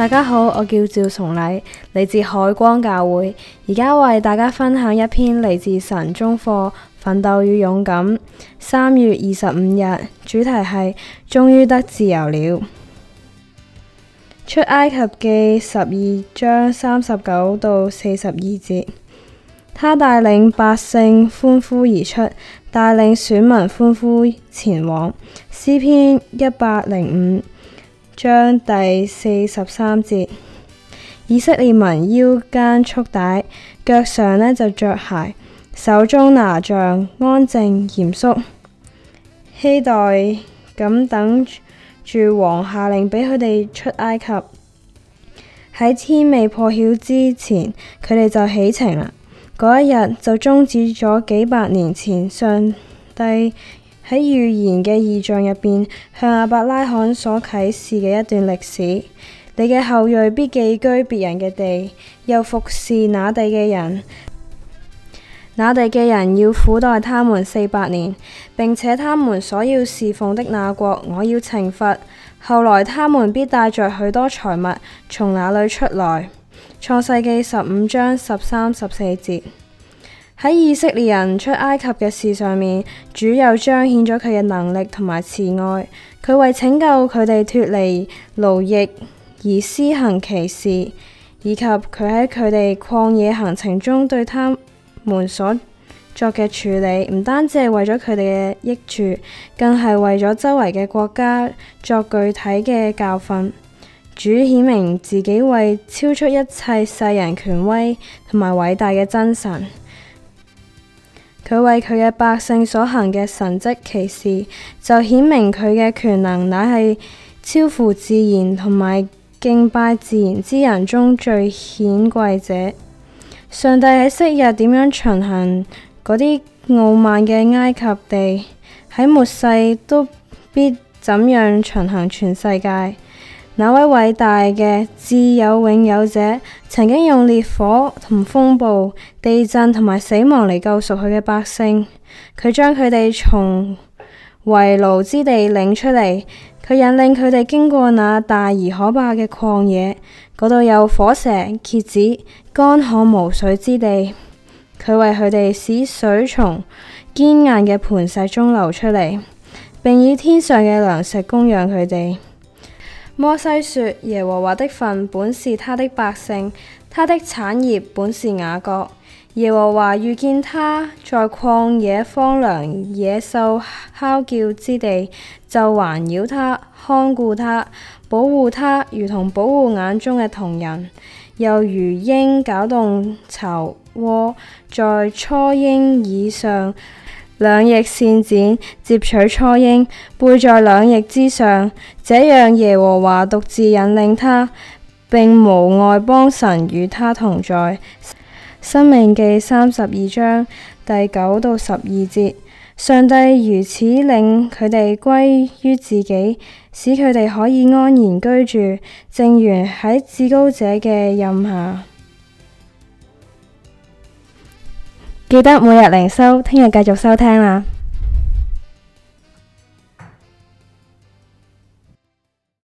大家好，我叫趙崇禮，嚟自海光教會，而家為大家分享一篇嚟自神中課《奮鬥與勇敢》，三月二十五日，主題係終於得自由了，《出埃及記》十二章三十九到四十二節，他帶領百姓歡呼而出，帶領選民歡呼前往，《詩篇》一百零五。將第四十三節，以色列民腰間束帶，腳上呢就着鞋，手中拿杖，安靜嚴肅，期待咁等住王下令俾佢哋出埃及。喺天未破曉之前，佢哋就起程啦。嗰一日就終止咗幾百年前上帝，喺預言嘅異象入邊，向亞伯拉罕所啟示嘅一段歷史。你嘅後裔必寄居別人嘅地，又服侍那地嘅人，那地嘅人要苦待他們四百年。並且他們所要侍奉的那國，我要懲罰。後來他們必帶著許多財物從那裏出來。創世記十五章十三十四節。喺以色列人出埃及嘅事上面，主又彰顯咗佢嘅能力同埋慈愛。佢為拯救佢哋脫離奴役而施行奇事，以及佢喺佢哋曠野行程中對他們所作嘅處理，唔單止係為咗佢哋嘅益處，更係為咗周圍嘅國家作具體嘅教訓。主顯明自己為超出一切世人權威同埋偉大嘅真神。佢為佢嘅百姓所行嘅神蹟奇事，就顯明佢嘅權能乃係超乎自然同埋敬拜自然之人中最顯貴者。上帝喺昔日點樣巡行嗰啲傲慢嘅埃及地，喺末世都必怎樣巡行全世界。那位偉大嘅自有永有者，曾經用烈火同風暴、地震同埋死亡嚟救贖佢嘅百姓。佢將佢哋從圍牢之地領出嚟，佢引領佢哋經過那大而可怕嘅曠野，嗰度有火蛇、蠍子、乾旱無水之地。佢為佢哋使水從堅硬嘅磐石中流出嚟，並以天上嘅糧食供養佢哋。摩西說：耶和華的份本是他的百姓，他的產業本是雅各。耶和華遇見他在曠野荒涼野獸哮叫之地，就環繞他看顧他，保護他，如同保護眼中嘅瞳人，又如鷹攪動巢窩，在初鷹以上。兩翼扇展，接取雛鷹，背在兩翼之上，這樣耶和華獨自引領他，並無外邦神與他同在。申命記三十二章第九到十二節。上帝如此令佢哋歸於自己，使佢哋可以安然居住，正如喺至高者嘅蔭下。記得每日靈修，聽日繼續收聽啦。